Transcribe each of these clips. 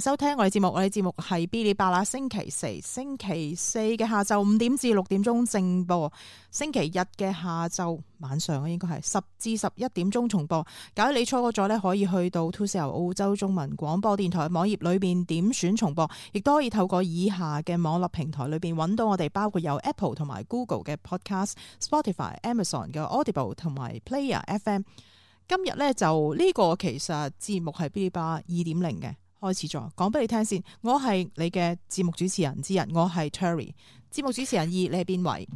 收聽我哋節目，我哋節目係嗶哩吧啦。星期四、星期四嘅下晝五點至六點鐘正播，星期日嘅下晝晚上啊，應該係十至十一點鐘重播。假如你錯過咗咧，可以去到 2SER 澳洲中文廣播電台網頁裏邊點選重播，亦都可以透過以下嘅網絡平台裏邊揾到我哋，包括有 Apple 同埋 Google 嘅 Podcast、Spotify、Amazon 嘅 Audible 同埋 Player FM。今日呢，就呢個其實節目係嗶哩吧二點零嘅。開始咗，講俾你聽先。我係你嘅節目主持人之一，我係 Terry。節目主持人二，你係邊位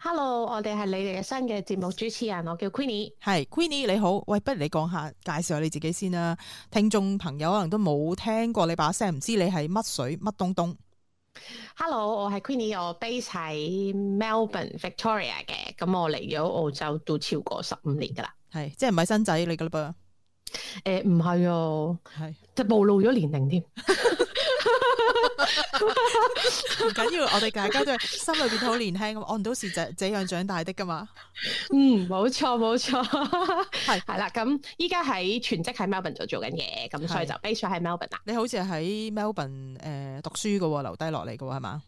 ？Hello，我哋係你哋嘅新嘅節目主持人，我叫 Queenie。係 Queenie 你好，喂，不如你講下介紹下你自己先啦。聽眾朋友可能都冇聽過你把聲，唔知你係乜水乜東東。Hello，我係 Queenie，我 base 喺 Melbourne，Victoria 嘅。咁我嚟咗澳洲都超過十五年噶啦。係，即係唔係新仔嚟噶啦噃？誒，唔係啊，係就是暴露咗年齡添，唔緊要，我哋大家都係心裏邊都好年輕咁，唔到都就這這樣長大的噶嘛， 嗯，冇錯冇錯，係係啦，咁依家喺全職喺 Melbourne 做緊嘢，咁所以就 base 喺 Melbourne 啦。你好似喺 Melbourne 誒讀書噶，留低落嚟噶係嘛？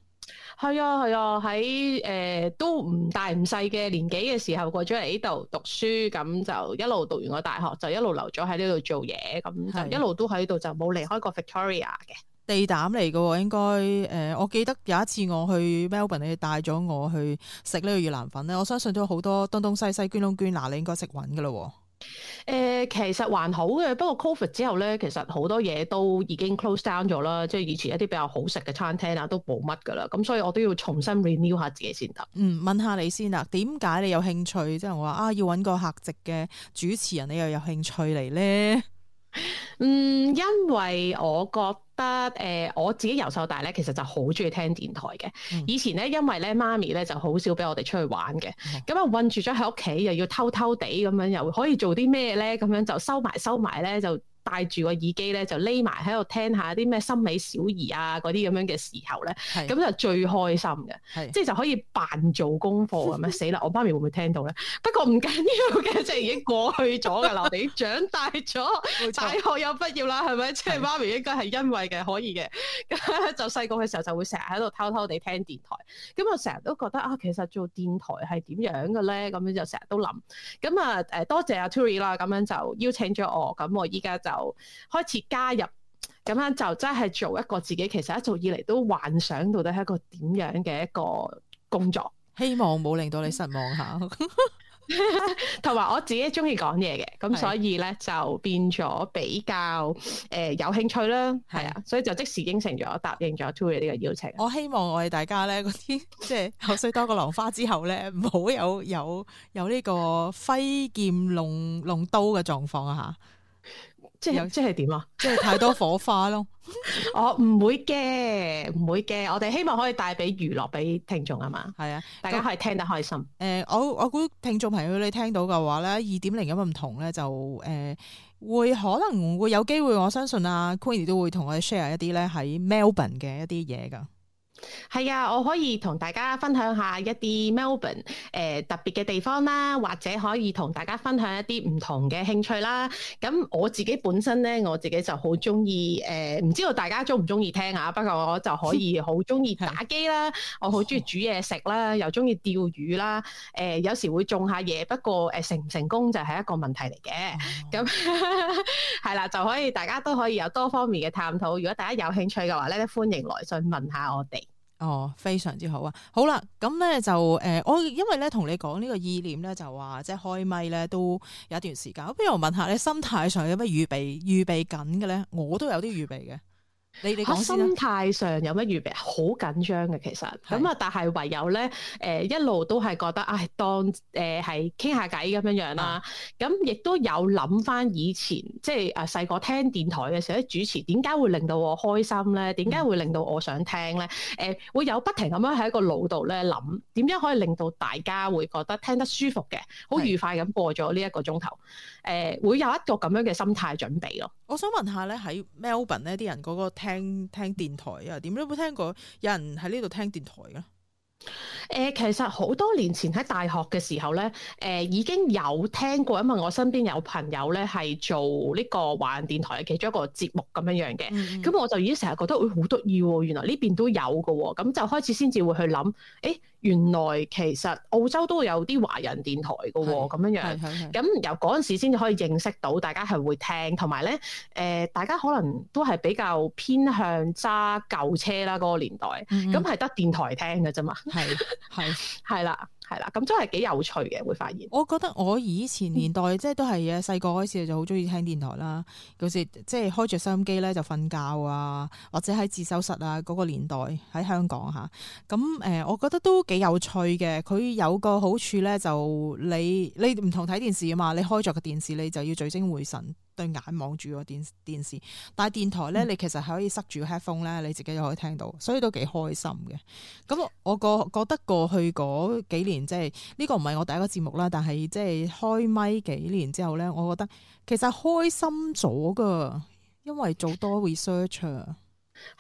係啊係啊，喺誒、啊呃、都唔大唔細嘅年紀嘅時候過咗嚟呢度讀書，咁就一路讀完個大學，就一路留咗喺呢度做嘢，咁就一路都喺度就冇離開過 Victoria 嘅地膽嚟㗎，應該誒、呃、我記得有一次我去 Melbourne，你帶咗我去食呢個越南粉咧，我相信都有好多東東西西，捐窿捐罅你應該識搵噶啦。誒、呃，其實還好嘅，不過 COVID 之後咧，其實好多嘢都已經 close down 咗啦，即係以前一啲比較好食嘅餐廳啊，都冇乜噶啦，咁所以我都要重新 renew 下自己先得。嗯，問下你先啦，點解你有興趣？即係我話啊，要搵個客席嘅主持人，你又有興趣嚟咧？嗯，因為我覺得誒、呃，我自己由細到大咧，其實就好中意聽電台嘅。嗯、以前咧，因為咧媽咪咧就好少俾我哋出去玩嘅，咁啊困住咗喺屋企，又要偷偷地咁樣，又可以做啲咩咧？咁樣就收埋收埋咧就。戴住個耳機咧，就匿埋喺度聽下啲咩森美小儀啊嗰啲咁樣嘅時候咧，咁是就最開心嘅，是即係就可以扮做功課咁樣。死啦！ 我媽咪會唔會聽到咧？不過唔緊要嘅， 即係已經過去咗噶啦。我哋 長大咗， 大學有畢業啦，係咪？ 即係媽咪應該係因為嘅，可以嘅。 就細個嘅時候就會成日喺度偷偷地聽電台，咁我成日都覺得啊，其實做電台係點樣嘅咧？咁樣就成日都諗。咁啊誒，多謝阿 Terry 啦，咁樣就邀請咗我。咁我依家就。開始加入咁樣，就真係做一個自己。其實一直以嚟都幻想到底係一個點樣嘅一個工作。希望冇令到你失望吓，同 埋 我自己中意講嘢嘅，咁所以咧是就變咗比較誒、呃、有興趣啦。係是啊，所以就即時應承咗，答應咗 Two 呢個邀請。我希望我哋大家咧，嗰啲即係口水多過浪花之後咧，唔好 有有有呢個揮劍弄弄刀嘅狀況啊！吓。即係有即係點啊！即係太多火花咯！我唔會驚，唔會驚。我哋希望可以帶俾娛樂俾聽眾啊嘛？係啊，大家係聽得開心。誒、呃，我我估聽眾朋友你聽到嘅話咧，二點零有乜唔同咧？就誒、呃，會可能會有機會，我相信阿、啊、Queenie 都會同我哋 share 一啲咧喺 Melbourne 嘅一啲嘢噶。係啊，我可以同大家分享下一啲 Melbourne 誒、呃、特別嘅地方啦，或者可以同大家分享一啲唔同嘅興趣啦。咁我自己本身咧，我自己就好中意誒，唔、呃、知道大家中唔中意聽啊？不過我就可以好中意打機啦， 我好中意煮嘢食啦， 又中意釣魚啦。誒、呃，有時會種下嘢，不過誒成唔成功就係一個問題嚟嘅。咁係啦，就可以大家都可以有多方面嘅探討。如果大家有興趣嘅話咧，歡迎來信問下我哋。哦，非常之好啊！好啦，咁咧就誒、呃，我因為咧同你講呢個意念咧，就話即係開咪咧都有一段時間。不如我問下你心態上有咩預備預備緊嘅咧？我都有啲預備嘅。嚇，你心態上有乜預備？好緊張嘅其實，咁啊的，但係唯有咧，誒、呃、一路都係覺得，唉、哎，當誒係傾下偈咁樣樣、啊、啦。咁亦都有諗翻以前，即係啊細個聽電台嘅時候，主持點解會令到我開心咧？點解會令到我，的我想聽咧？誒、呃、會有不停咁樣喺個腦度咧諗，點樣可以令到大家會覺得聽得舒服嘅，好愉快咁過咗呢一個鐘頭。誒的、呃、會有一個咁樣嘅心態準備咯。我想問下咧，喺 Melbourne 咧啲人嗰個聽聽電台啊點？有冇聽過有人喺呢度聽電台噶？誒、呃，其實好多年前喺大學嘅時候咧，誒、呃、已經有聽過，因為我身邊有朋友咧係做呢個華人電台嘅其中一個節目咁樣樣嘅，咁、嗯、我就已經成日覺得，誒、哎，好得意，原來呢邊都有嘅、哦，咁就開始先至會去諗，誒、欸，原來其實澳洲都會有啲華人電台嘅、哦，咁樣是樣，咁由嗰陣時先至可以認識到大家係會聽，同埋咧，誒、呃，大家可能都係比較偏向揸舊車啦，嗰個年代，咁係得電台聽嘅啫嘛。係係係啦，係啦，咁真係幾有趣嘅，會發現。我覺得我以前年代即係都係嘅，細個嗰時就好中意聽電台啦，有時、嗯、即係開着收音機咧就瞓覺啊，或者喺自修室啊嗰、那個年代喺香港吓，咁、啊、誒、嗯呃，我覺得都幾有趣嘅。佢有個好處咧，就你你唔同睇電視啊嘛，你開着個電視你就要聚精會神。對眼望住個電電視，但係電台呢，嗯、你其實係可以塞住 headphone 咧，你自己就可以聽到，所以都幾開心嘅。咁我個覺得過去嗰幾年即係呢、呢個唔係我第一個節目啦，但係即係開咪幾年之後呢，我覺得其實開心咗㗎，因為做多 research。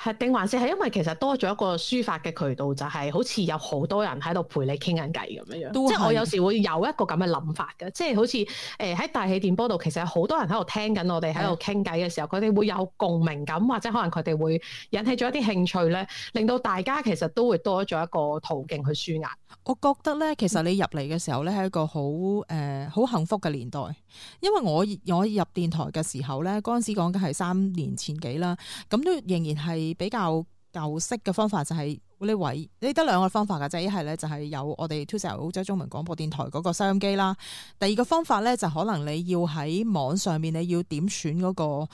係定還是係因為，其實多咗一個抒發嘅渠道，就係、是、好似有好多人喺度陪你傾緊偈咁樣樣。是即係我有時會有一個咁嘅諗法嘅，即係好似誒喺大氣電波度，其實有好多人喺度聽緊我哋喺度傾偈嘅時候，佢哋的會有共鳴感，或者可能佢哋會引起咗一啲興趣咧，令到大家其實都會多咗一個途徑去舒壓。我覺得咧，其實你入嚟嘅時候咧，係一個好誒好幸福嘅年代，因為我我入電台嘅時候咧，嗰陣時講緊係三年前幾啦，咁都仍然係。係比較舊式嘅方法，就係呢位。你得兩個方法㗎啫，一係咧就係、是、有我哋 TwoSir 澳洲中文廣播電台嗰個收音機啦，第二個方法咧就是、可能你要喺網上面你要點選嗰、那個。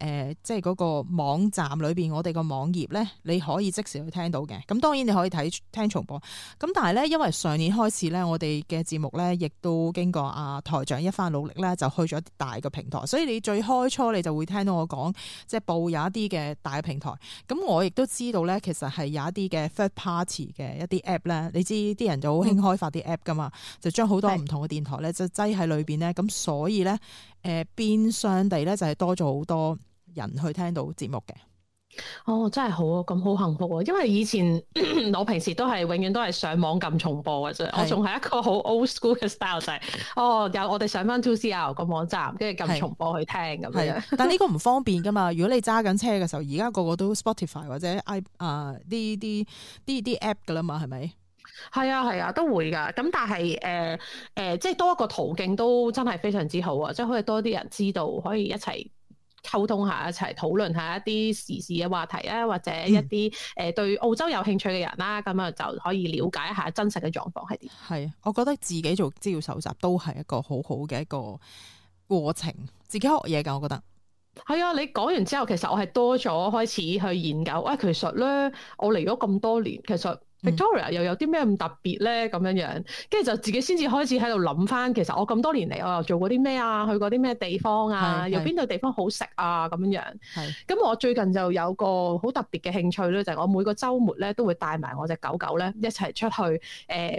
誒、呃，即係嗰個網站裏邊，我哋個網頁咧，你可以即時去聽到嘅。咁當然你可以睇聽重播。咁但係咧，因為上年開始咧，我哋嘅節目咧，亦都經過阿、啊、台長一番努力咧，就去咗一啲大嘅平台。所以你最開初你就會聽到我講，即係報有一啲嘅大平台。咁我亦都知道咧，其實係有一啲嘅 third party 嘅一啲 app 咧。你知啲人就好興開發啲 app 噶嘛，就將好多唔同嘅電台咧就擠喺裏邊咧。咁所以咧，誒變相地咧就係多咗好多人去聽到節目嘅，哦，真係好啊！咁好幸福啊！因為以前咳咳我平時都係永遠都係上網撳重播嘅啫，是我仲係一個好 old school 嘅 style 就係、是。哦，有我哋上翻 2CR 個網站，跟住撳重播去聽咁樣是。但係呢個唔方便㗎嘛。 如果你揸緊車嘅時候，而家個個都 Spotify 或者 I 啊啲啲啲啲 app 㗎啦嘛，係咪？係啊係啊，都會㗎。咁但係誒誒，即係多一個途徑都真係非常之好啊！即係可以多啲人知道，可以一齊。溝通一下，一下一齊討論下一啲時事嘅話題啊，或者一啲誒對澳洲有興趣嘅人啦，咁啊、嗯、就可以了解一下真實嘅狀況係點。係啊，我覺得自己做資料搜集都係一個好好嘅一個過程，自己學嘢㗎，我覺得係啊。你講完之後，其實我係多咗開始去研究。喂、哎，其實咧，我嚟咗咁多年，其實。Victoria 又有啲咩咁特別咧？咁樣樣，跟住就自己先至開始喺度諗翻，其實我咁多年嚟，我又做過啲咩啊？去過啲咩地方啊？有邊度地方好食啊？咁樣樣。係。咁我最近就有個好特別嘅興趣咧，就係我每個週末咧都會帶埋我隻狗狗咧一齊出去，誒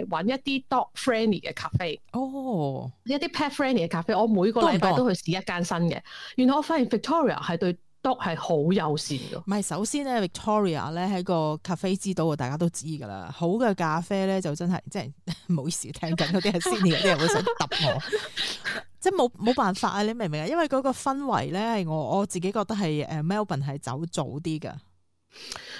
搵一啲 dog friendly 嘅咖啡。哦。一啲 pet friendly 嘅咖啡，我每個禮拜都去試一間新嘅。多多原來我發現 Victoria 係對。都係好友善嘅，唔係首先咧，Victoria 咧喺個咖啡之都啊，大家都知噶啦。好嘅咖啡咧，就真係即係好意思，聽緊嗰啲係 s e n i 啲人會想揼我，即係冇冇辦法啊！你明唔明啊？因為嗰個氛圍咧，係我我自己覺得係誒、呃、Melbourne 係走早啲嘅。誒，呢、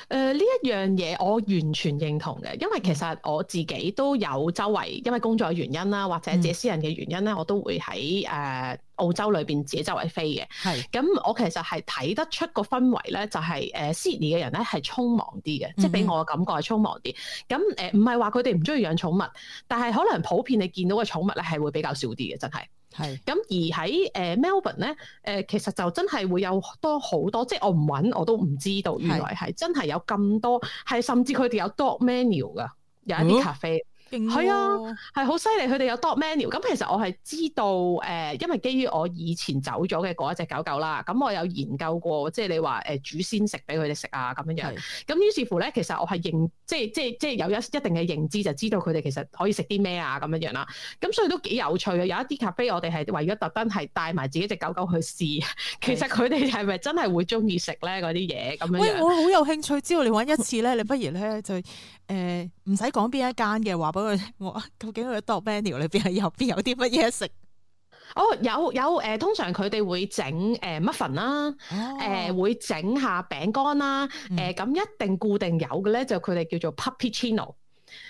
呃、一樣嘢我完全認同嘅，因為其實我自己都有周圍，因為工作原因啦，或者自己私人嘅原因咧，嗯、我都會喺誒、呃、澳洲裏邊自己周圍飛嘅。係咁是，我其實係睇得出個氛圍咧，就是，就係誒 Sydney 嘅人咧係匆忙啲嘅，嗯、即係俾我嘅感覺係匆忙啲。咁誒，唔係話佢哋唔中意養寵物，但係可能普遍你見到嘅寵物咧係會比較少啲嘅，真係。係，咁、嗯、而喺誒 Melbourne 咧，誒、呃呃、其實就真係會有多好多，即係我唔揾我都唔知道，原來係真係有咁多，係甚至佢哋有 dog menu 噶，有一啲咖啡。嗯。係、哦、啊，係好犀利，佢哋有 dog menu。咁其實我係知道，誒、呃，因為基於我以前走咗嘅嗰一隻狗狗啦，咁我有研究過，即係你話誒煮鮮食俾佢哋食啊，咁樣樣。咁於是，是乎咧，其實我係認，即係即係即係有一一定嘅認知，就知道佢哋其實可以食啲咩啊，咁樣樣啦。咁所以都幾有趣嘅。有一啲咖啡我哋係為咗特登係帶埋自己隻狗狗去試，其實佢哋係咪真係會中意食咧嗰啲嘢咁樣。喂，我好有興趣，之後你搵一次咧，你不如咧就誒唔使講邊一間嘅，話我究竟佢度 menu 裏邊係後邊有啲乜嘢食？哦，有有誒、呃，通常佢哋會整誒 muffin 啦，誒、呃啊呃、會整下餅乾啦，誒咁、嗯呃、一定固定有嘅咧，就佢哋叫做 puppicino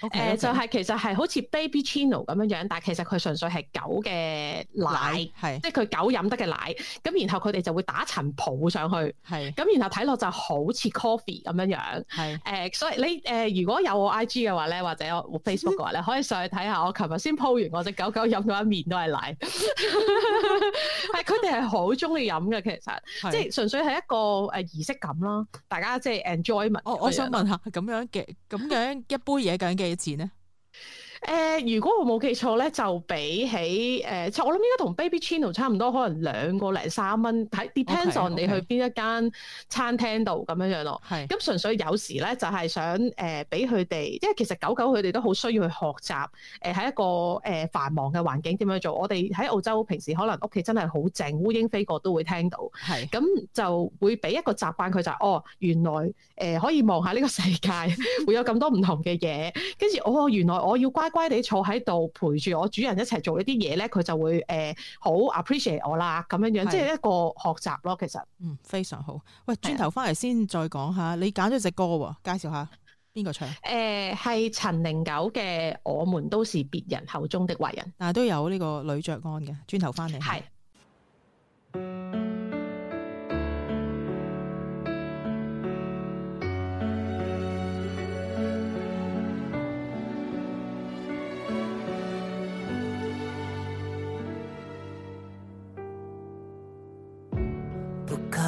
誒，就係其實係好似 baby chino 咁樣樣，但係其實佢純粹係狗嘅奶，係即係佢狗飲得嘅奶。咁然後佢哋就會打層泡上去，係咁然後睇落就好似 coffee 咁樣樣，係誒，所以你誒，如果有我 IG 嘅話咧，或者我 Facebook 嘅話咧，可以上去睇下。我琴日先鋪完，我隻狗狗飲咗一面都係奶，係佢哋係好中意飲嘅，其實即係純粹係一個誒儀式感啦，大家即係 enjoy。我我想問下，咁樣嘅咁樣一杯嘢幾多錢呢？誒，如果我冇記錯咧，就比起誒、呃，我諗應該同 Baby Chino 差唔多，可能兩個零三蚊，睇 depends on 你去邊一間餐廳度咁 Okay, okay. 樣是樣咯。係，咁純粹有時咧就係、是、想誒，俾佢哋，因為其實狗狗佢哋都好需要去學習，誒、呃、喺一個誒、呃、繁忙嘅環境點樣做。我哋喺澳洲平時可能屋企真係好靜，烏蠅飛過都會聽到。係是，咁就會俾一個習慣佢就係、是、哦，原來誒、呃、可以望下呢個世界， 會有咁多唔同嘅嘢，跟住哦原來我要，要關。乖哋坐喺度陪住我主人一齊做一啲嘢咧，佢就會誒好 appreciate 我啦，咁樣樣的即係一個學習咯，其實嗯非常好。喂，轉的頭翻嚟先再講下，你揀咗隻歌喎，介紹下邊個唱？誒、呃，係陳零九嘅《我們都是別人口中的壞人》，但係都有呢個呂爵安嘅。轉頭翻嚟係。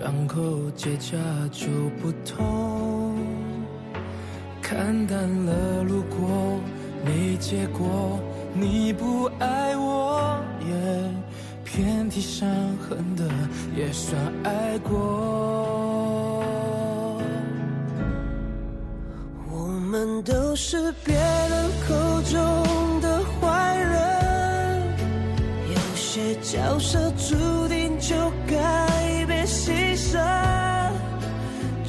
傷口結痂就不痛，看淡了，路過沒結果。你不愛我，也、yeah, 遍體傷痕的也算愛過。我們都是別人口中的壞人，有些角色注定就該。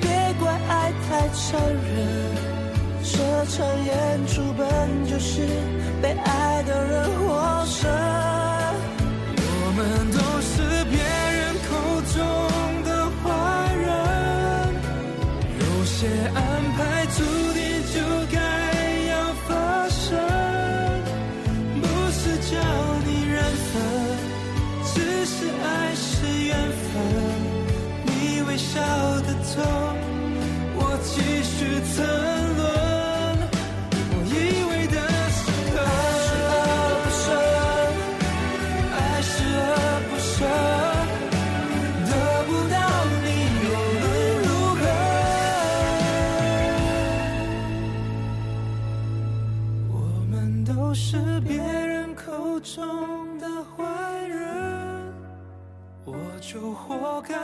別怪愛太殘忍，這場演出本就是被愛的人獲勝。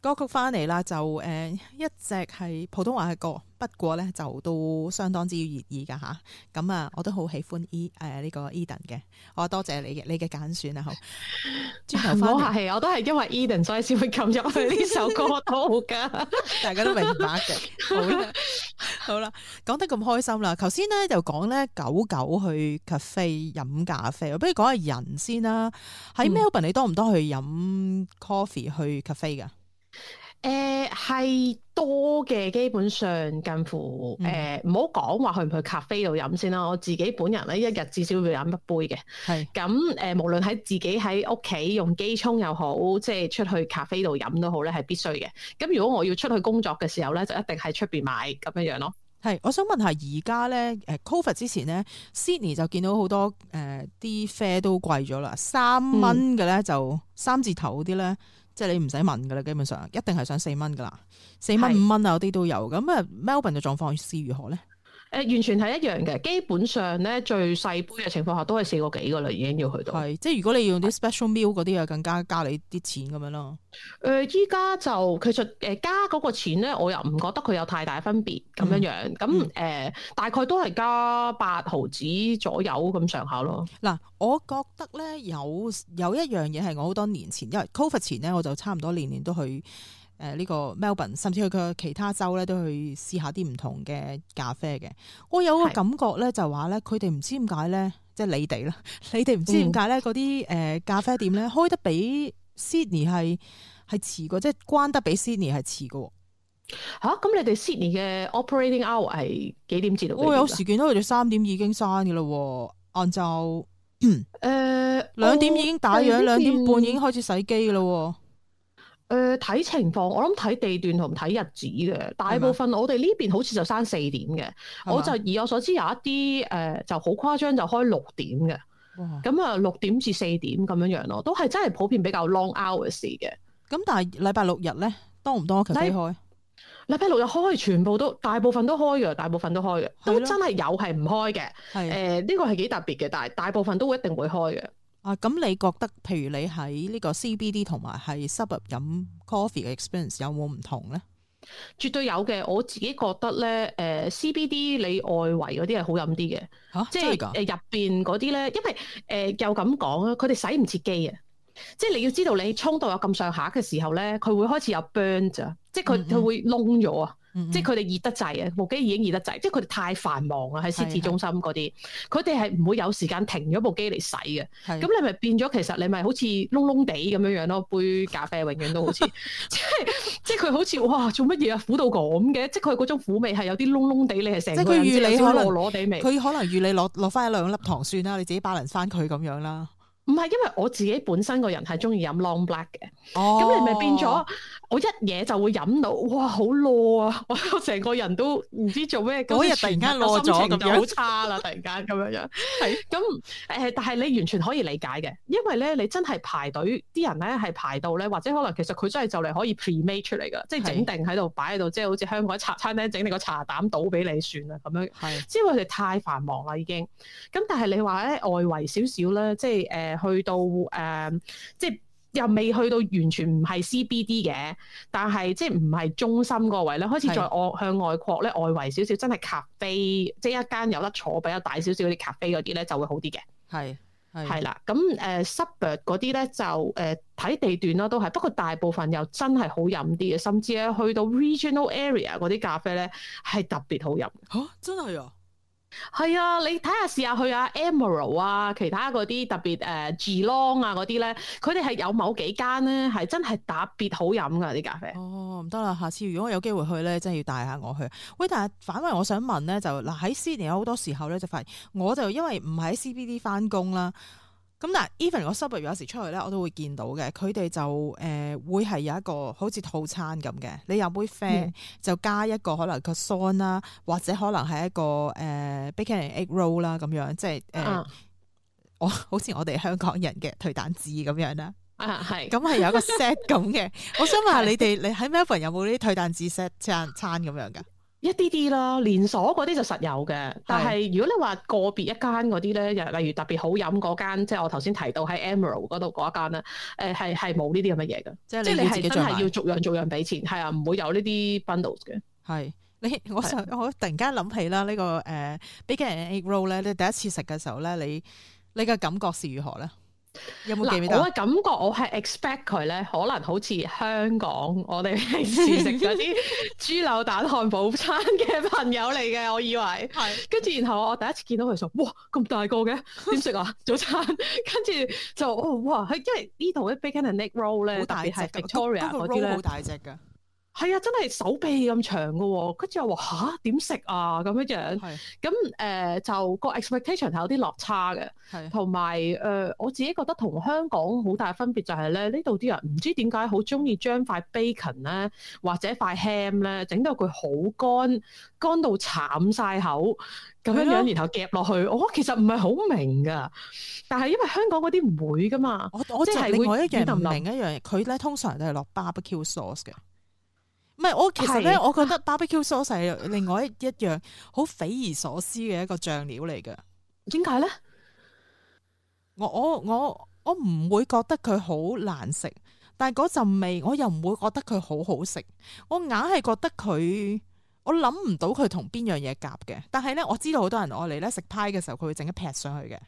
歌曲翻嚟啦，就、呃、一直係普通話嘅歌。不過咧就都相當之熱議噶吓，咁啊，啊我都好喜歡 E 誒呢、uh, 個 Eden 嘅，我多謝你嘅你嘅揀選啊，好，唔好、啊、客氣，我都係因為 Eden 所以先會撳入去呢首歌度噶， 都好大家都明白嘅， 好啦好啦，講得咁開心啦，頭先咧就講咧狗狗去 cafe 飲咖啡，我不如講下人先啦，喺 Melbourne、嗯、你多唔多去飲 coffee 去 cafe 噶？誒，係、呃、多嘅，基本上近乎誒，唔好講話去唔去咖啡度飲先啦。我自己本人咧，一日至少要飲一杯嘅。係咁誒，無論喺自己喺屋企用機沖又好，即係出去咖啡度飲都好咧，係必須嘅。咁如果我要出去工作嘅時候咧，就一定喺出邊買咁樣樣咯。係，我想問下而家咧，誒 COVID 之前咧，Sydney 就見到好多誒啲、呃、啡都貴咗啦，三蚊嘅咧就三字頭啲咧。即係你唔使問噶啦，基本上一定係上四蚊噶啦，四蚊、五蚊啊，有啲都有。咁啊是，Melbourne 嘅狀況係如何咧？誒、呃，完全係一樣嘅，基本上咧，最細杯嘅情況下都係四個幾噶啦，已經要去到。係，即係如果你要用啲 special meal 嗰啲啊，的更加加你啲錢咁樣咯。誒、呃，依家就其實誒加嗰個錢咧，我又唔覺得佢有太大分別咁樣樣。咁誒、嗯嗯呃，大概都係加八毫子左右咁上下咯。嗱、嗯，我覺得咧，有有一樣嘢係我好多年前，因為 covid 前咧，我就差唔多年，年年都去。誒呢、呃這個 Melbourne，甚至去佢其他州咧，都去試下啲唔同嘅咖啡嘅。我有個感覺咧是，就話咧，佢哋唔知點解咧，即係你哋啦，你哋唔知點解咧，嗰啲誒咖啡店咧，開得比 Sydney 係係遲過，即係關得比 Sydney 係遲過。吓、啊，咁、嗯、你哋 Sydney 嘅 Operating Hour 係幾點至到？我有時見到佢哋三點已經閂嘅啦，晏晝誒兩點已經打烊、呃呃嗯，兩點半已經開始洗機啦。嗯誒睇、呃、情況，我諗睇地段同睇日子嘅。嗎大部分我哋呢邊好似就閂四點嘅，嗎我就以我所知有一啲誒、呃、就好誇張就開六點嘅。咁啊六點至四點咁樣樣咯，都係真係普遍比較 long hours 嘅。咁但係禮拜六日咧多唔多？其實開禮拜六日開，全部都大部分都開嘅，大部分都開嘅，都真係有係唔開嘅。係誒呢個係幾特別嘅，但係大部分都會的、呃這個、一定會開嘅。啊，咁你覺得，譬如你喺呢個 CBD 同埋係 suburb 飲 coffee 嘅 experience 有冇唔同咧？絕對有嘅，我自己覺得咧，誒、呃、CBD 你外圍嗰啲係好飲啲嘅。嚇、啊，即真係的噶，入邊嗰啲咧，因為誒、呃、又咁講啊，佢哋使唔切機啊，即係你要知道你衝到有咁上下嘅時候咧，佢會開始有 burn 啫，即係佢佢會窿咗啊。嗯嗯嗯嗯即係佢哋熱得滯啊！部機已經熱得滯，即係佢哋太繁忙啦！喺獅子中心嗰啲，佢哋係唔會有時間停咗部機嚟洗嘅。咁是你咪變咗，其實你咪好似燶燶地咁樣樣咯。杯咖啡永遠都好似， 即係即係佢好似哇做乜嘢啊苦到咁嘅，即係佢嗰種苦味係有啲燶燶地，你係成。即係佢預你可能，佢可能預你攞攞翻一兩粒糖算啦，你自己擺嚟翻佢咁樣啦。唔係，因為我自己本身個人係中意飲 long black 嘅。哦，咁 你咪變咗？我一嘢就會飲到，哇，好 low 啊！我成個人都唔知做咩，咁又突然間 low 咗好差啦，啊！突然間咁樣樣，係咁誒，但係你完全可以理解嘅，因為咧，你真係排隊，啲人咧係排到咧，或者可能其實佢真係就嚟可以 pre-made 出嚟噶的，即係整定喺度擺喺度，即係好似香港茶餐廳整定個茶膽倒俾你算啦，咁樣係，即係佢哋太繁忙啦已經。咁但係你話咧外圍少少咧，即係誒、呃呃、去到誒、呃、即係。呃嗯即又未去到完全唔係 CBD 嘅，但係即係唔係中心個位咧，開始再外向外擴咧，外圍少少真係咖啡，即係一間有得坐比較大少少嗰啲咖啡嗰啲咧就會好啲嘅。係係啦，咁誒 suburb 嗰啲咧就誒睇，呃、地段咯，都係。不過大部分又真係好飲啲嘅，甚至咧去到 regional area 嗰啲咖啡咧係特別好飲。嚇！真係啊！係啊，你睇下試下去啊，Emerald 啊，其他嗰啲特別誒、呃、，Geelong 啊嗰啲咧，佢哋係有某幾間咧，係真係特別好飲噶啲咖啡。哦，唔得啦，下次如果我有機會去咧，真係要帶下我去。喂，但係反為我想問咧，就嗱喺 Sydney 好多時候咧，就發現我就因為唔喺 CBD 翻工啦。咁但 Even 個收入有時出去咧，我都會見到嘅。佢哋就誒、呃、會係有一個好似套餐咁嘅，你飲杯啡、嗯、就加一個可能個 song 啦，或者可能係一個誒、呃、bacon egg roll 啦咁樣，即係誒、呃嗯、我好似我哋香港人嘅退彈子咁樣啦啊，係咁係有一個 set 咁嘅。 我想問下 你哋，你喺 Maven 有冇啲退彈子 set 餐餐咁樣噶？一啲啲啦，連鎖嗰啲就實有嘅。但係如果你話個別一間嗰啲咧，又例如特別好飲嗰間，即係我頭先提到喺 Emerald 嗰度嗰一間咧，誒係係冇呢啲咁嘅嘢嘅。即係你係真係要逐樣逐樣俾錢，係啊，唔會有呢啲 bundles 嘅。係你，我就我突然間諗起啦，呢、這個誒、uh, bacon and egg roll 咧，你第一次食嘅時候咧，你你嘅感覺是如何咧？有冇見面？我係感覺我係 expect 佢咧，可能好似香港我哋平時食咗啲豬柳蛋漢堡餐嘅朋友嚟嘅，我以為。係。 跟住然後我第一次見到佢就，哇，咁大個嘅，點食啊早餐？ 跟住就哇，因為呢度啲 bacon and egg roll 咧，好大隻，Victoria 嗰啲咧，好大隻㗎。係、哦、啊，真係手臂咁長嘅。跟住我話嚇點食啊？咁樣樣咁誒，就個 expectation 係有啲落差嘅。同埋誒，我自己覺得同香港好大分別就係、是、咧，呢度啲人唔知點解好中意將塊 bacon 咧或者塊 ham 咧整到佢好乾，乾到慘晒口咁樣樣，的然後夾落去。我、哦、其實唔係好明㗎，但係因為香港嗰啲唔會㗎嘛。我我即係另外一樣唔明一樣嘢，佢咧通常都係落 barbecue sauce 嘅。唔係，我其實咧，我覺得 barbecue sauce 係另外一一樣好匪夷所思嘅一個醬料嚟嘅。點解咧？我我我我唔會覺得佢好難食，但係嗰陣味我又唔會覺得佢好好食。我硬係覺得佢，我諗唔到佢同邊樣嘢夾嘅。但係咧，我知道好多人愛嚟咧食派嘅時候，佢會整一劈上去嘅。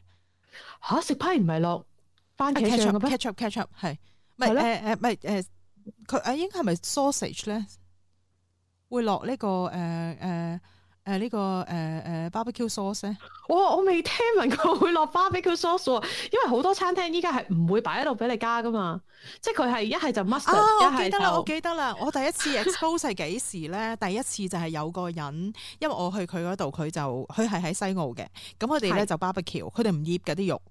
吓 A ketchup, ketchup,，食派唔係落番茄醬嘅咩？k e t c h u p 係咪 sausage 咧？Uh, uh, uh, uh, uh, uh, 啊會落、這個呃呃呃，這個呃呃、呢個誒誒誒呢個誒誒 barbecue sauce 咧？我我未聽聞過會落 barbecue sauce 啊，因為好多餐廳依家係唔會擺喺度俾你加噶嘛，即係佢係一係就 must、啊、我記得啦，我記得啦，我第一次 expose 係幾時咧？ 第一次就係有個人，因為我去佢嗰度，佢就佢係喺西澳嘅，咁佢哋咧就 barbecue，佢哋唔醃嘅啲肉。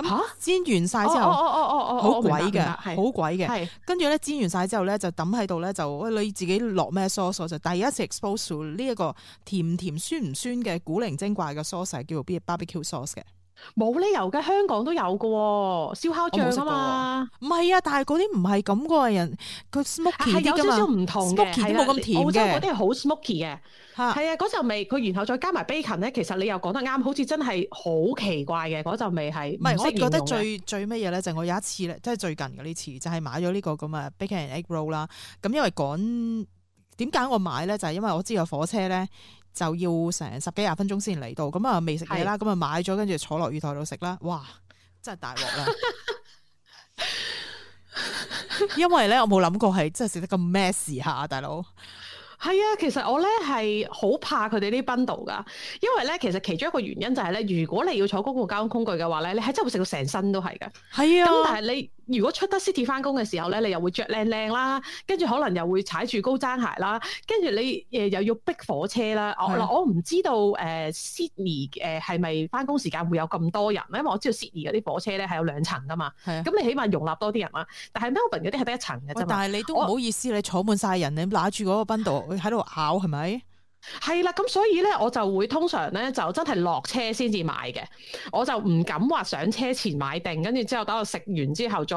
咁、啊、煎完晒之後，好、oh, oh, oh, oh, oh, 鬼嘅，好鬼嘅。是跟住咧煎完晒之後咧，就抌喺度咧，就你自己落咩 sauce 就第一次 expose 呢一個甜甜酸唔酸嘅古靈精怪嘅 sauce 叫做 barbecue sauce 嘅。冇理由嘅，香港都有嘅，燒烤醬啊嘛。唔係啊，但係嗰啲唔係咁嘅人，佢 smoky 係有少少唔同嘅，冇咁、ok、甜。澳洲嗰啲係好 smoky 嘅，係啊嗰陣味，佢然後再加埋 bacon 咧，其實你又講得啱，好似真係好奇怪嘅嗰陣味係。唔係，我覺得最最乜嘢咧，就是、我有一次咧，即係最近嘅呢次，就係、是、買咗呢個咁啊 bacon egg roll 啦。咁因為趕，點解我買咧？就係、是、因為我知道有火車咧。就要成十幾廿分鐘先嚟到，咁啊未食嘢啦，咁啊的買咗，跟住坐落雨台度食啦，哇，真係大鑊啦！ 因為咧，我冇諗過係真係食得咁 mess 下，大佬。係啊，其實我咧係好怕佢哋呢冰度噶，因為咧其實其中一個原因就係、是、咧，如果你要坐公共交通工具嘅話咧，你係真係會食到成身都係噶。係啊的，咁但係你。如果出得 city 翻工嘅時候咧，你又會着靚靚啦，跟住可能又會踩住高踭鞋啦，跟住你誒又要逼火車啦。嗱的，我唔知道誒 Sydney 誒係咪翻工時間會有咁多人，因為我知道 Sydney 嗰啲火車咧係有兩層噶嘛，咁的你起碼容納多啲人啦。但係 Melbourne 嗰啲係得一層嘅啫。但係你都唔好意思，我你坐滿晒人，你揦住嗰個賓道喺度咬係咪？的係啦，咁所以咧，我就會通常咧就真係落車先至買嘅，我就唔敢話上車前買定，跟住之後等到食完之後再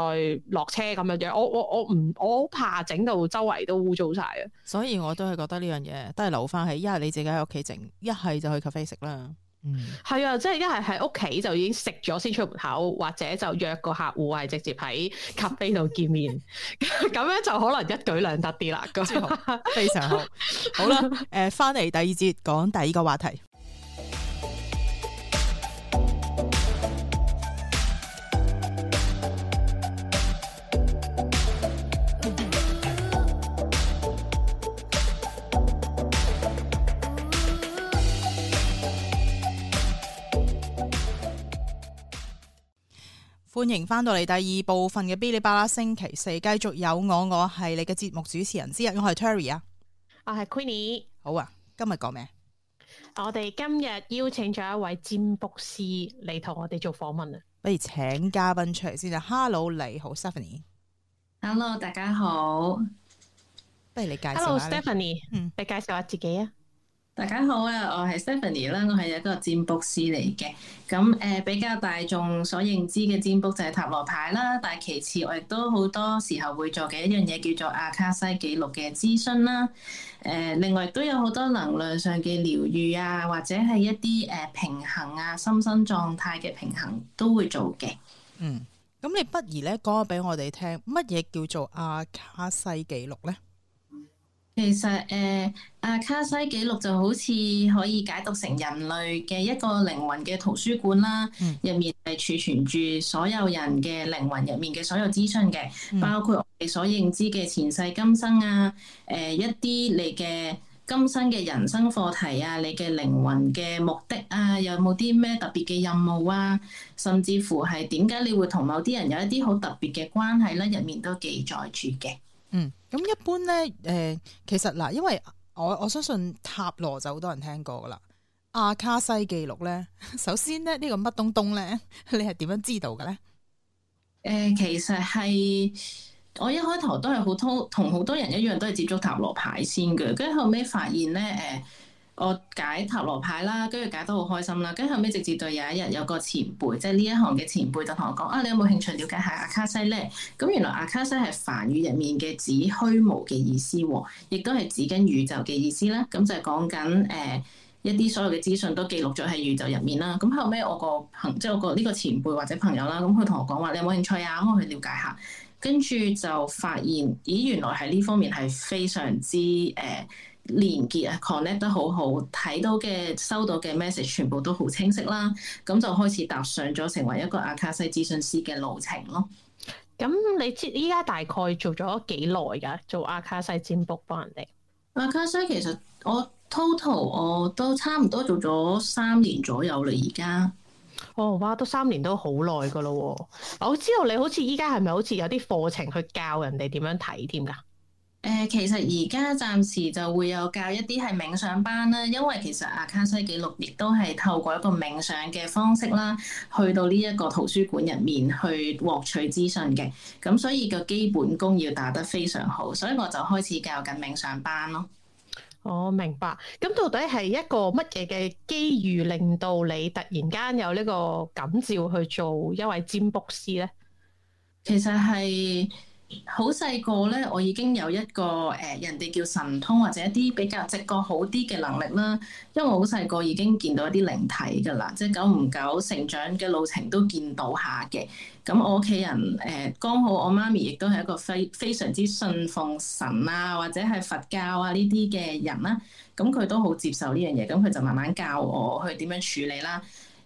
落車咁樣嘅。我我我唔，我，我，我好怕整到周圍都污糟晒，啊！所以我都係覺得呢樣嘢都係留翻喺一係你自己喺屋企整，一係就去咖啡食啦。嗯，係啊，即係一係喺屋企就已經食咗先出門口，或者就約個客戶係直接喺咖啡度見面，咁 樣就可能一舉兩得啲啦。咁 非常好， 好啦，誒、呃，翻嚟第二節講第二個話題。歡迎翻到嚟第二部分嘅 Bilibala 星期四，繼續有我，我係你嘅節目主持人之一，我係 Terry 啊，我係 Queenie。好啊，今日講咩？我哋今日邀請咗一位占卜師嚟同我哋做訪問啊。不如請嘉賓出嚟先啊。Hello，你好，Stephanie。Hello，大家好。不如你介紹下啦。Hello，Stephanie，嗯，你介紹下自己啊。大家好啊，我係 Stephanie 啦，我係一個占卜師嚟嘅。咁、呃、誒，比較大眾所認知嘅占卜就係塔羅牌啦，但係其次我亦都好多時候會做嘅一樣嘢叫做阿卡西記錄嘅諮詢啦。誒、呃，另外都有好多能量上嘅療愈啊，或者係一啲誒平衡啊、心身狀態嘅平衡都會做嘅。嗯，咁你不如咧講一俾我哋聽乜嘢叫做阿卡西記錄咧？其實誒，阿、呃、卡西記錄就好似可以解讀成人類嘅一個靈魂嘅圖書館啦，入、嗯、面係儲存住所有人嘅靈魂入面嘅所有資訊嘅，嗯、包括我哋所認知嘅前世今生啊，誒、呃、一啲你嘅今生嘅人生課題啊，你嘅靈魂嘅目的啊，有冇啲咩特別嘅任務啊，甚至乎係點解你會同某啲人有一啲好特別嘅關係咧、啊，入面都記載住嘅。嗯，咁一般咧，誒、呃，其實嗱，因為我我相信塔羅就好多人聽過噶啦，阿卡西記錄咧，首先咧呢個乜東東咧，你係點樣知道嘅咧？誒、呃，其實係我一開頭都係好通，同好多人一樣都係接觸塔羅牌先嘅，跟住後尾發現咧，誒、呃。我解塔羅牌啦，跟住解得好開心啦，跟住後尾直接對有一日有個前輩，即係呢一行嘅前輩，就同我講：啊，你有冇興趣了解下阿卡西咧？咁原來阿卡西係梵語入面嘅指虛無嘅意思，亦都係指緊宇宙嘅意思啦。咁就係講緊誒一啲所有嘅資訊都記錄咗喺宇宙入面啦。咁後尾我個朋，即係我個呢個前輩或者朋友啦，咁佢同我講話：你有冇興趣啊？可唔可以了解下？跟住就發現，咦，原來係呢方面係非常之誒。呃連結啊，connect 得好好，睇到嘅收到嘅 message 全部都好清晰啦，咁就開始踏上咗成為一個阿卡西諮詢師嘅路程咯。咁你知，依家大概做咗幾耐㗎？做阿卡西占卜幫人哋？阿卡西其實我 total 我都差唔多做咗三年左右啦，而家。哦，哇！都三年都好耐㗎咯喎。我知道你好似依家係咪好似有啲課程去教人哋點樣睇添㗎？誒，其實而家暫時就會有教一啲係冥想班啦，因為其實阿卡西記錄亦都係透過一個冥想嘅方式啦，去到呢一個圖書館入面去獲取資訊嘅，咁所以個基本功要打得非常好，所以我就開始教緊冥想班咯。我明白，咁到底係一個乜嘢嘅機遇令到你突然間有呢個感召去做一位占卜師咧？其實係。好細個咧，我已經有一個誒、呃、人哋叫神通或者一啲比較直覺好啲嘅能力啦。因為我好細個已經見到一啲靈體㗎啦，即係久唔久成長嘅路程都見到下嘅。咁、嗯、我屋企人誒、呃，剛好我媽咪亦都係一個非非常之信奉神啊，或者係佛教啊呢啲嘅人啦、啊。咁、嗯、佢都好接受呢樣嘢，咁、嗯、佢就慢慢教我去點樣處理啦。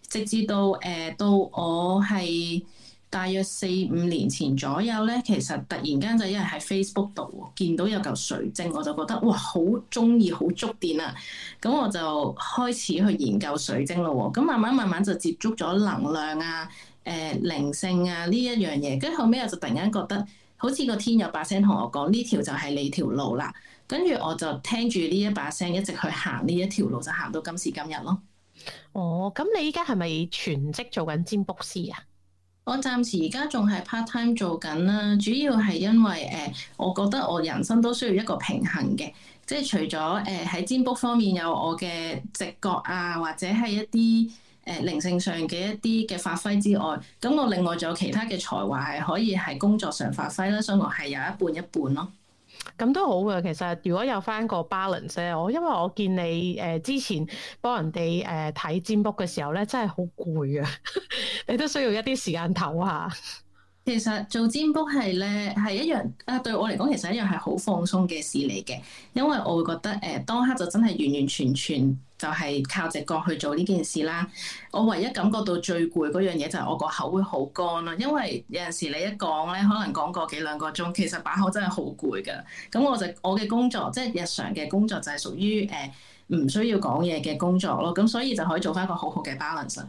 直至到誒、呃、到我係。大約四五年前左右咧，其實突然間就因為喺 Facebook 度見到有嚿水晶，我就覺得哇，好中意，好觸電啊！咁我就開始去研究水晶咯。咁慢慢慢慢就接觸咗能量啊、誒、呃、靈性啊呢一樣嘢。跟住後尾我就突然間覺得，好似個天有把聲同我講，呢條就係你條路啦。跟住我就聽住呢一把聲，一直去行呢一條路，就行到今時今日咯。哦，咁你依家係咪全職做緊占卜師啊？我暫時而家仲係 part time 做緊啦，主要係因為誒、呃，我覺得我人生都需要一個平衡嘅，即係除咗誒喺占卜方面有我嘅直覺啊，或者係一啲誒、呃、靈性上嘅一啲嘅發揮之外，咁我另外仲有其他嘅才華係可以喺工作上發揮啦，所以我係有一半一半咯。咁都好嘅，其實如果有翻個 balance 咧，我因為我見你誒之前幫人哋誒睇占卜嘅時候咧，真係好攰啊！ 你都需要一啲時間唞下。其實做占卜係咧係一樣啊，對我嚟講其實一樣係好放鬆嘅事嚟嘅，因為我會覺得誒、呃、當刻就真係完完全全。就係靠直覺去做呢件事啦。我唯一感覺到最攰嗰樣嘢就係我個口會好乾啦，因為有陣時你一講咧，可能講過幾兩個鐘，其實把口真係好攰噶。咁我就我嘅工作，即係日常嘅工作就係屬於誒唔需要講嘢嘅工作咯。咁所以就可以做翻一個好好嘅 balance。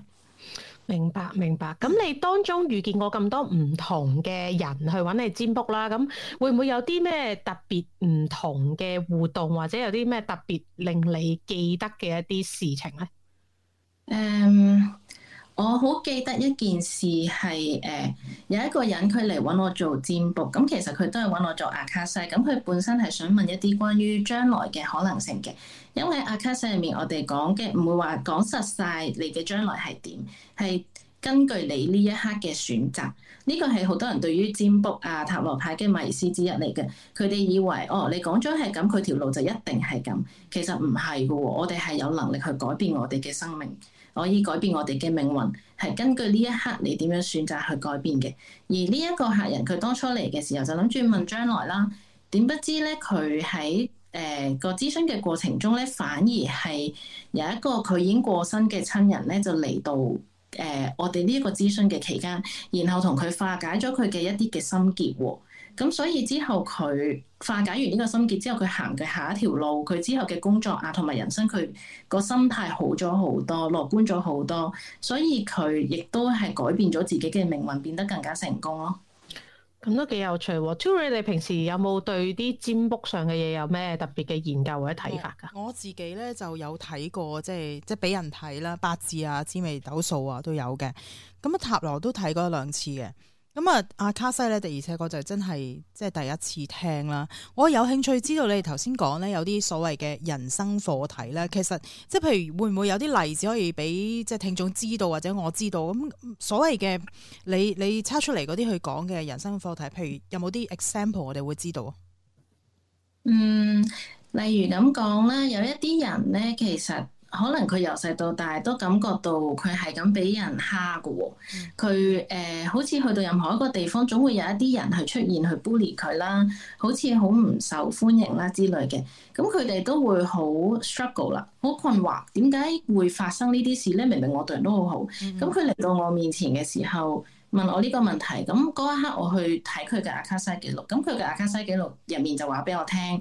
明白明白，咁你當中遇見過咁多唔同嘅人去揾你占卜啦，咁會唔會有啲咩特別唔同嘅互動，或者有啲咩特別令你記得嘅一啲事情咧？誒、um。我好記得一件事係誒、呃、有一個人佢嚟揾我做占卜，咁其實佢都係揾我做阿卡西，咁佢本身係想問一啲關於將來嘅可能性嘅，因為阿卡西入面我哋講嘅唔會話講實晒你嘅將來係點，係根據你呢一刻嘅選擇。呢、呢個係好多人對於占卜啊塔羅牌嘅迷思之一嚟嘅，佢哋以為哦你講咗係咁，佢條路就一定係咁，其實唔係嘅喎，我哋係有能力去改變我哋嘅生命。可以改變我哋嘅命運，係根據呢一刻你點樣選擇去改變嘅。而呢一個客人佢當初嚟嘅時候就諗住問將來啦，點不知咧佢喺誒個諮詢嘅過程中咧，反而係有一個佢已經過身嘅親人咧就嚟到。誒、呃，我哋呢一個諮詢嘅期間，然後同佢化解咗佢嘅一啲嘅心結喎、哦，咁所以之後佢化解完呢個心結之後，佢行嘅下一條路，佢之後嘅工作啊，同埋人生，佢個心態好咗好多，樂觀咗好多，所以佢亦都係改變咗自己嘅命運，變得更加成功咯、哦。咁都幾有趣喎 t e r r 你平時有冇對啲占卜上嘅嘢有咩特別嘅研究或者睇法噶？我自己咧就有睇過，即係即係俾人睇啦，八字啊、占眉斗數啊都有嘅，咁啊塔羅都睇過一兩次嘅。咁啊，阿卡西咧，第二、三個就真係即係第一次聽啦。我有興趣知道你哋頭先講咧有啲所謂嘅人生課題咧，其實即係譬如會唔會有啲例子可以俾即係聽眾知道或者我知道咁所謂嘅你你測出嚟嗰啲去講嘅人生課題，譬如有冇啲 example 我哋會知道啊？嗯，例如咁講咧，有一啲人咧，其實。可能佢由細到大都感覺到佢係咁俾人蝦噶、哦，佢誒、 呃，好似去到任何一個地方，總會有一啲人去出現去 bully 佢啦，好似好唔受歡迎啦之類嘅。咁佢哋都會好 struggle 啦，好困惑，點解會發生呢啲事咧？明明我對人都好好，咁佢嚟到我面前嘅時候，問我呢個問題，咁嗰一刻我去睇佢嘅阿卡西記錄，咁佢嘅阿卡西記錄入面就話俾我聽，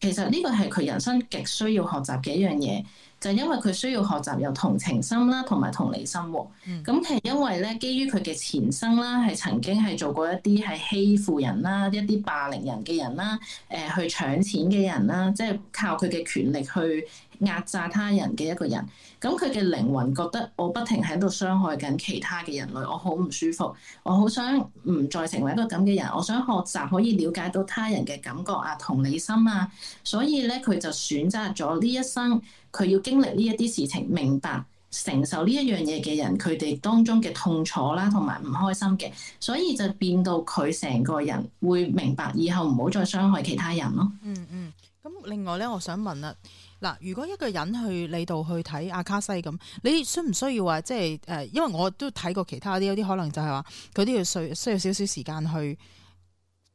其實呢個係佢人生極需要學習嘅一樣嘢。就因為佢需要學習有同情心啦，同埋同理心。咁、嗯、其實因為咧，基於佢嘅前生啦，係曾經係做過一啲係欺負人啦，一啲霸凌人嘅人啦，誒、呃、去搶錢嘅人啦，即係靠佢嘅權力去。壓榨他人嘅一個人，咁佢嘅靈魂覺得我不停喺度傷害緊其他嘅人類，我好唔舒服，我好想唔再成為一個咁嘅人，我想學習可以了解到他人嘅感覺啊、同理心啊，所以咧佢就選擇咗呢一生，佢要經歷呢一啲事情，明白承受呢一樣嘢嘅人，佢哋當中嘅痛楚啦、啊，同埋唔開心嘅，所以就變到佢成個人會明白，以後唔好再傷害其他人咯。嗯嗯，咁、嗯、另外咧，我想問啊～嗱，如果一個人去你度去睇阿卡西咁，你需唔需要話即係誒，因為我都睇過其他啲，有啲可能就係話佢都要需需要少少時間去